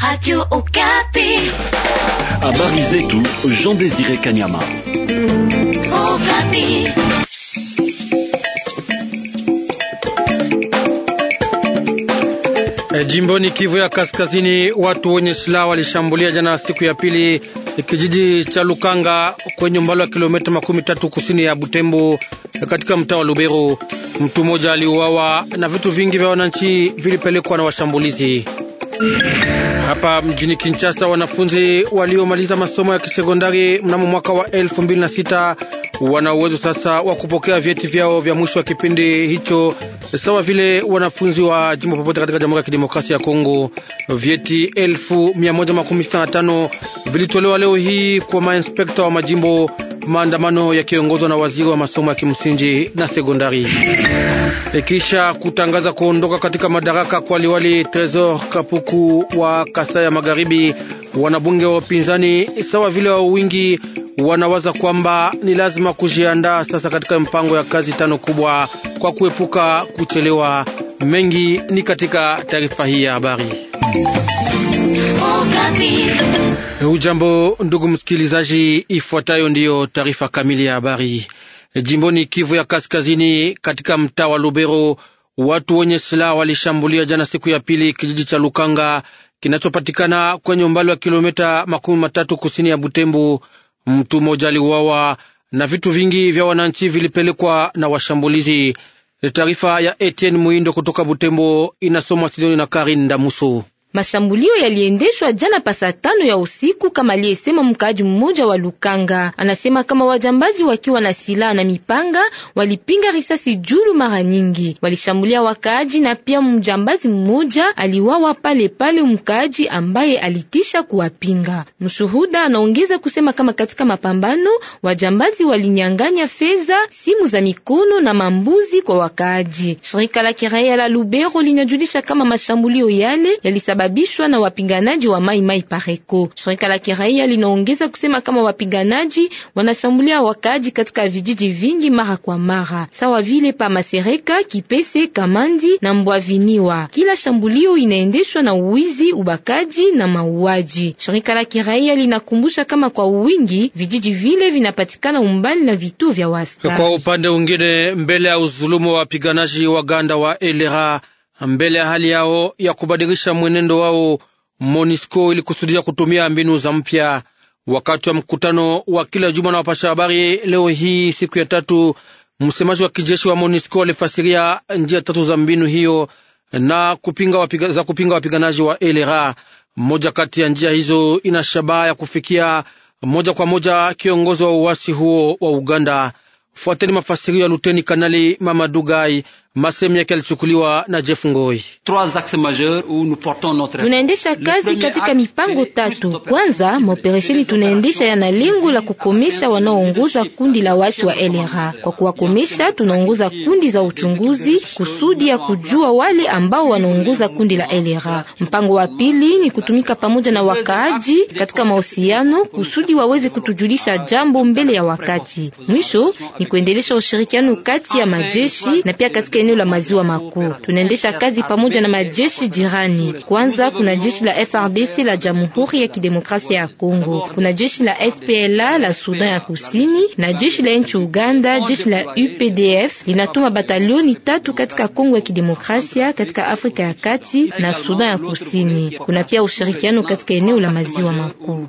Radio Okapi. Habari zetu Jean Désiré Kanyama. Okapi. E, jimboni Kivu ya Kaskazini, watu wenye silaha walishambulia jana siku ya pili eh, kijiji cha Lukanga kwenye umbali wa kilomita makumi tatu kusini ya Butembo eh, katika mtaa wa Lubero. Mtu mmoja aliuawa na vitu vingi vya wananchi vilipelekwa na washambulizi. Hapa mjini Kinshasa, wanafunzi waliomaliza masomo ya kisekondari mnamo mwaka wa sita wana uwezo sasa wa kupokea vyeti vyao vya mwisho wa kipindi hicho, sawa vile wanafunzi wa jimbo popote katika Jamhuri ya Kidemokrasia ya Kongo. Vyeti tano vilitolewa leo hii kwa mainspekta wa majimbo maandamano yakiongozwa na waziri wa masomo ya kimsingi na sekondari. Ikisha kutangaza kuondoka katika madaraka kwa liwali Tresor Kapuku wa Kasai ya Magharibi, wanabunge wa upinzani sawa vile wa wingi wanawaza kwamba ni lazima kujiandaa sasa katika mpango ya kazi tano kubwa kwa kuepuka kuchelewa. Mengi ni katika taarifa hii ya habari. Eh, ujambo ndugu msikilizaji, ifuatayo ndiyo taarifa kamili ya habari. Eh, jimboni Kivu ya Kaskazini, katika mtaa wa Lubero, watu wenye silaha walishambulia jana siku ya pili kijiji cha Lukanga kinachopatikana kwenye umbali wa kilomita makumi matatu kusini ya Butembo. Mtu mmoja aliuawa na vitu vingi vya wananchi vilipelekwa na washambulizi. Eh, taarifa ya Etienne Muindo kutoka Butembo inasomwa studioni na Karin Damuso. Mashambulio yaliendeshwa jana pasatano ya usiku, kama aliyesema mkaaji mmoja wa Lukanga. Anasema kama wajambazi wakiwa na silaha na mipanga walipinga risasi juru mara nyingi, walishambulia wakaaji na pia mjambazi mmoja aliwawa pale pale mkaaji ambaye alitisha kuwapinga. Mshuhuda anaongeza kusema kama katika mapambano wajambazi walinyang'anya fedha, simu za mikono na mambuzi kwa wakaaji. Shirika la kiraia la Lubero linajulisha kama mashambulio yale yali kusababishwa na wapiganaji wa Mai Mai Pareko. Shirika la kiraia linaongeza kusema kama wapiganaji wanashambulia wakaaji katika vijiji vingi mara kwa mara, sawa vile pa Masereka, Kipese, Kamandi na Mbwaviniwa. Kila shambulio inaendeshwa na uwizi, ubakaji na mauaji. Shirika la kiraia linakumbusha kama kwa wingi vijiji vile vinapatikana umbali na vituo vya wasta. Kwa upande mwingine, mbele ya uzulumu wa wapiganaji wa Ganda wa Elera mbele ya hali yao ya kubadilisha mwenendo wao, Monisco ilikusudia kutumia mbinu za mpya wakati wa mkutano wa kila juma na wapasha habari. Leo hii siku ya tatu, msemaji wa kijeshi wa Monisco alifasiria njia tatu za mbinu hiyo na kupinga wapiga, za kupinga wapiganaji wa LRA. Moja kati ya njia hizo ina shabaha ya kufikia moja kwa moja kiongozi wa uasi huo wa Uganda. Fuateni mafasirio ya Luteni Kanali Mamadugai Masemu yake alichukuliwa na Jeff Ngoi. Tunaendesha kazi katika mipango tatu. Kwanza, maoperesheni tunaendesha yana lengo la kukomesha wanaoongoza kundi la wasi wa LRA. Kwa kuwakomesha, tunaongoza kundi za uchunguzi kusudi ya kujua wale ambao wanaongoza kundi la LRA. Mpango wa pili ni kutumika pamoja na wakaaji katika mahusiano kusudi waweze kutujulisha jambo mbele ya wakati. Mwisho ni kuendelesha ushirikiano kati ya majeshi na pia katika eneo la maziwa makuu. Tunaendesha kazi pamoja na majeshi jirani. Kwanza kuna jeshi la FRDC la Jamhuri ya Kidemokrasia ya Kongo, kuna jeshi la SPLA la Sudan ya Kusini na jeshi la nchi Uganda. Jeshi la UPDF linatuma batalioni tatu katika Kongo ya Kidemokrasia, katika Afrika ya Kati na Sudan ya Kusini. Kuna pia ushirikiano katika eneo la maziwa makuu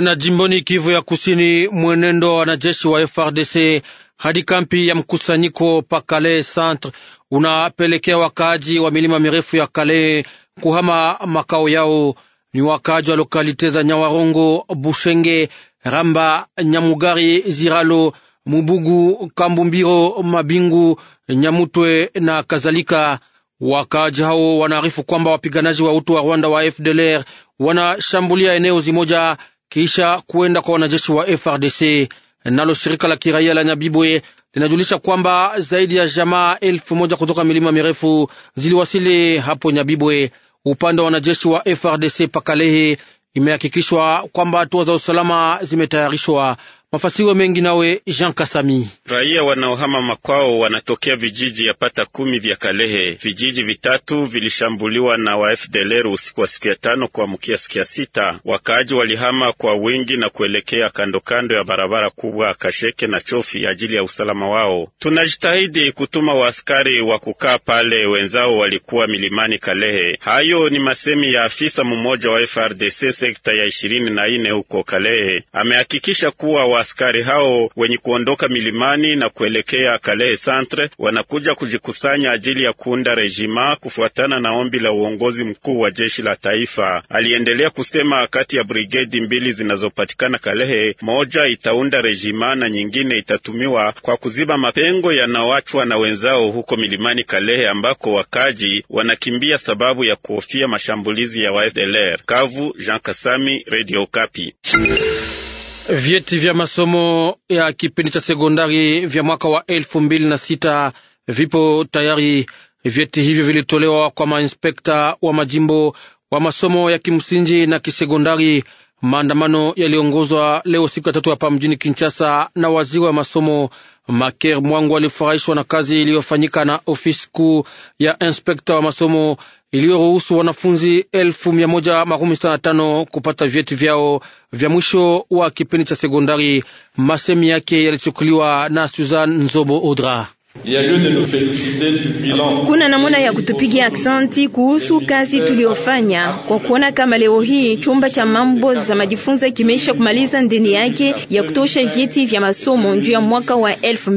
na jimboni Kivu ya Kusini. Mwenendo wa wanajeshi wa FRDC hadi kampi ya mkusanyiko pa Kale Centre unapelekea wakaaji wa milima mirefu ya Kale kuhama makao yao. Ni wakaaji wa lokalite za Nyawarongo, Bushenge, Ramba, Nyamugari, Ziralo, Mubugu, Kambumbiro, Mabingu, Nyamutwe na kadhalika. Wakaaji hao wanaarifu kwamba wapiganaji wa utu wa Rwanda wa FDLR wanashambulia eneo zimoja kisha kuenda kwa wanajeshi wa FRDC. Nalo shirika la kiraia la Nyabibwe linajulisha kwamba zaidi ya jamaa elfu moja kutoka milima mirefu ziliwasili hapo Nyabibwe. Upande wa wanajeshi wa FRDC Pakalehe imehakikishwa kwamba hatua za usalama zimetayarishwa. Mafasiwa mengi nawe Jean Kasami. Raia wanaohama makwao wanatokea vijiji yapata kumi vya Kalehe. Vijiji vitatu vilishambuliwa na wa FDLR usiku wa siku ya tano kuamkia siku ya sita. Wakaaji walihama kwa wingi na kuelekea kandokando kando ya barabara kubwa Kasheke na Chofi ajili ya usalama wao. Tunajitahidi kutuma waaskari wa kukaa pale, wenzao walikuwa milimani Kalehe. Hayo ni masemi ya afisa mmoja wa FRDC sekta ya ishirini na nne huko Kalehe, amehakikisha kuwa askari hao wenye kuondoka milimani na kuelekea kalehe Centre wanakuja kujikusanya ajili ya kuunda rejima kufuatana na ombi la uongozi mkuu wa jeshi la taifa. Aliendelea kusema kati ya brigedi mbili zinazopatikana Kalehe, moja itaunda rejima na nyingine itatumiwa kwa kuziba mapengo yanaoachwa na wenzao huko milimani Kalehe, ambako wakaji wanakimbia sababu ya kuhofia mashambulizi ya wa FDLR. Kavu, Jean Kasami, Radio Kapi. Vyeti vya masomo ya kipindi cha sekondari vya mwaka wa elfu mbili na sita vipo tayari. Vyeti hivyo vilitolewa kwa mainspekta wa majimbo wa masomo ya kimsingi na kisekondari. Maandamano yaliongozwa leo siku ya tatu hapa mjini Kinshasa na waziri wa masomo Maker Mwangu alifurahishwa na kazi iliyofanyika na ofisi kuu ya inspekta wa masomo iliyoruhusu wanafunzi elfu mia moja makumi sita na tano kupata vyeti vyao vya mwisho wa kipindi cha sekondari. Masemi yake yalichukuliwa na Suzan Nzobo Odra. Kuna namna ya kutupigia aksanti kuhusu kazi tuliyofanya kwa kuona kama leo hii chumba cha mambo za majifunza kimeisha kumaliza ndeni yake ya kutosha vyeti vya masomo juu ya mwaka wa tatu, elfu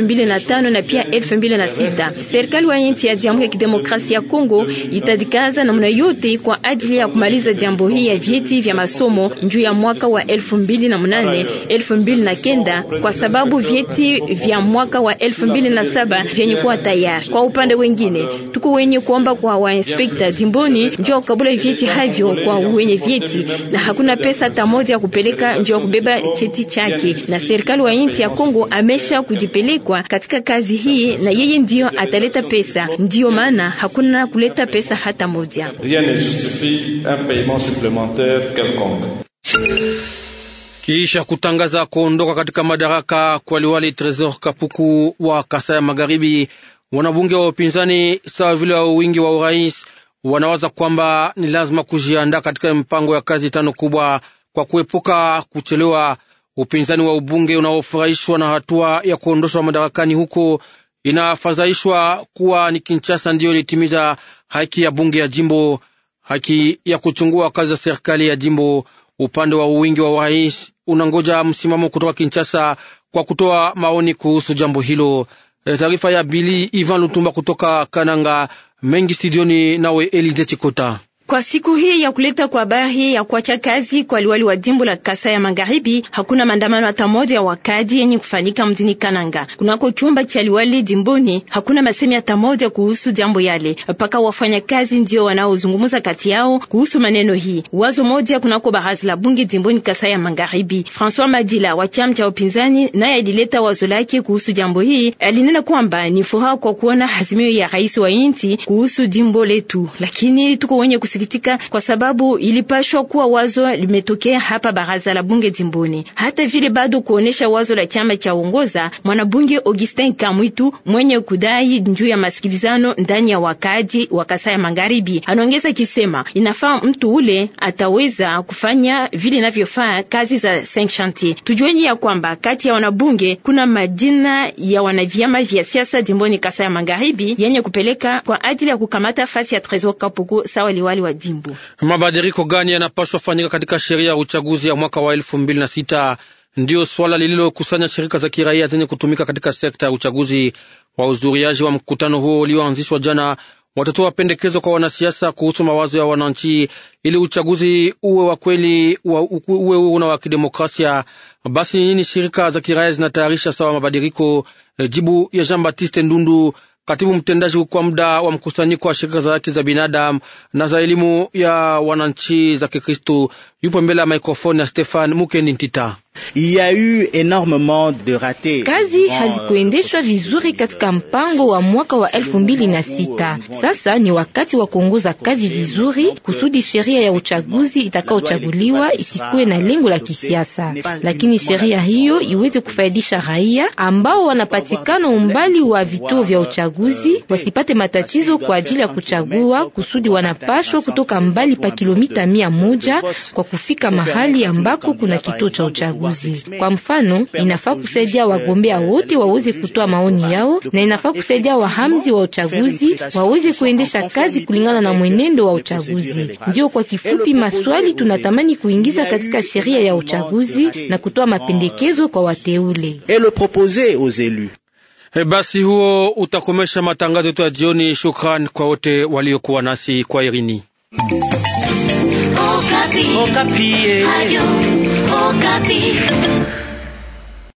mbili na pia sita. Serikali wa nchi ya Jamhuri ya Kidemokrasia ya Kongo itadikaza namna yote kwa ajili ya kumaliza jambo hii ya vyeti vya masomo juu ya mwaka wa na kenda kwa sababu vyeti vyeti vya mwaka wa elfu mbili na saba vyenye kuwa tayari. Kwa upande wengine, tuko wenye kuomba kwa wainspekta jimboni njoo kabula vyeti havyo kwa wenye vyeti, na hakuna pesa hata moja ya kupeleka njoo kubeba cheti chake, na serikali wa nchi ya Kongo amesha kujipelekwa katika kazi hii, na yeye ndiyo ataleta pesa. Ndiyo maana hakuna kuleta pesa hata moja. Rien ne justifie un paiement supplémentaire quelconque kisha kutangaza kuondoka katika madaraka kwa liwali Tresor Kapuku wa Kasai Magharibi. Wanabunge wa upinzani sawa vile wa wingi wa urais wanawaza kwamba ni lazima kujiandaa katika mpango ya kazi tano kubwa kwa kuepuka kuchelewa. Upinzani wa ubunge unaofurahishwa na hatua ya kuondoshwa madarakani huko inafadhaishwa kuwa ni Kinshasa ndiyo ilitimiza haki ya bunge ya jimbo, haki ya kuchungua kazi za serikali ya jimbo Upande wa uwingi wa urais unangoja msimamo kutoka Kinshasa kwa kutoa maoni kuhusu jambo hilo. E, taarifa ya Bili Ivan Lutumba kutoka Kananga. Mengi studioni nawe Elize Chikota. Kwa siku hii ya kuleta kwa habari ya kuacha kazi kwa liwali wa jimbo la kasa ya Magharibi, hakuna maandamano hata moja ya wakaji yenye kufanyika mjini Kananga. Kunako chumba cha liwali jimboni, hakuna masemi hata moja kuhusu jambo yale, mpaka wafanyakazi ndio wanaozungumza kati yao kuhusu maneno hii. Wazo moja kunako baraza la bunge jimboni Kasa ya Magharibi, Francois Madila wa chama cha upinzani naye alileta wazo lake kuhusu jambo hii. Alinena kwamba ni furaha kwa kuona azimio ya rais wa nchi kuhusu jimbo letu, lakini tuko wenye kusikia tunasikitika kwa sababu ilipashwa kuwa wazo limetokea hapa baraza la bunge jimboni. Hata vile bado kuonesha wazo la chama cha uongoza mwanabunge Augustin Kamwitu mwenye kudai juu ya masikilizano ndani ya wakati wa Kasai Magharibi. Anaongeza kisema inafaa mtu ule ataweza kufanya vile inavyofaa kazi za sanchanti. Tujueni ya kwamba kati ya wanabunge kuna majina ya wanavyama vya siasa jimboni Kasai ya Magharibi yenye kupeleka kwa ajili ya kukamata fasi ya Tresor Kapuku sawa liwali wa jimbo. Mabadiliko gani yanapaswa fanyika katika sheria ya uchaguzi ya mwaka wa elfu mbili na sita? Ndiyo swala lililokusanya shirika za kiraia zenye kutumika katika sekta ya uchaguzi. Wahudhuriaji wa mkutano huo ulioanzishwa jana watatoa pendekezo kwa wanasiasa kuhusu mawazo ya wananchi ili uchaguzi uwe wa kweli, uwe huru na wa kidemokrasia. Basi nini shirika za kiraia zinatayarisha sawa mabadiliko? E, jibu ya Jean Baptiste Ndundu katibu mtendaji kwa muda wa mkusanyiko wa shirika za haki za binadamu na za elimu ya wananchi za Kikristu, yupo mbele ya mikrofoni ya Stefan Mukendi Ntita. Kazi euh, hazikuendeshwa vizuri katika mpango wa mwaka wa elfu mbili na sita. Sasa ni wakati wa kuongoza kazi vizuri kusudi sheria ya uchaguzi itakaochaguliwa isikuwe na lengo la kisiasa, lakini sheria hiyo iweze kufaidisha raia ambao wanapatikana umbali wa vituo vya euh, uchaguzi, euh, wasipate matatizo kwa ajili ya kuchagua, kusudi wanapashwa kutoka mbali pa kilomita mia moja kwa kufika mahali ambako kuna kituo cha uchaguzi uchaguzi. Kwa mfano, inafaa kusaidia wagombea wote waweze kutoa maoni yao na inafaa kusaidia wahamzi wa uchaguzi waweze kuendesha kazi kulingana na mwenendo wa uchaguzi. Ndio kwa kifupi maswali tunatamani kuingiza katika sheria ya uchaguzi na kutoa mapendekezo kwa wateule. E, basi huo utakomesha matangazo yetu ya jioni. Shukran kwa wote waliokuwa nasi kwa irini. Oh, oh, eh. Copy.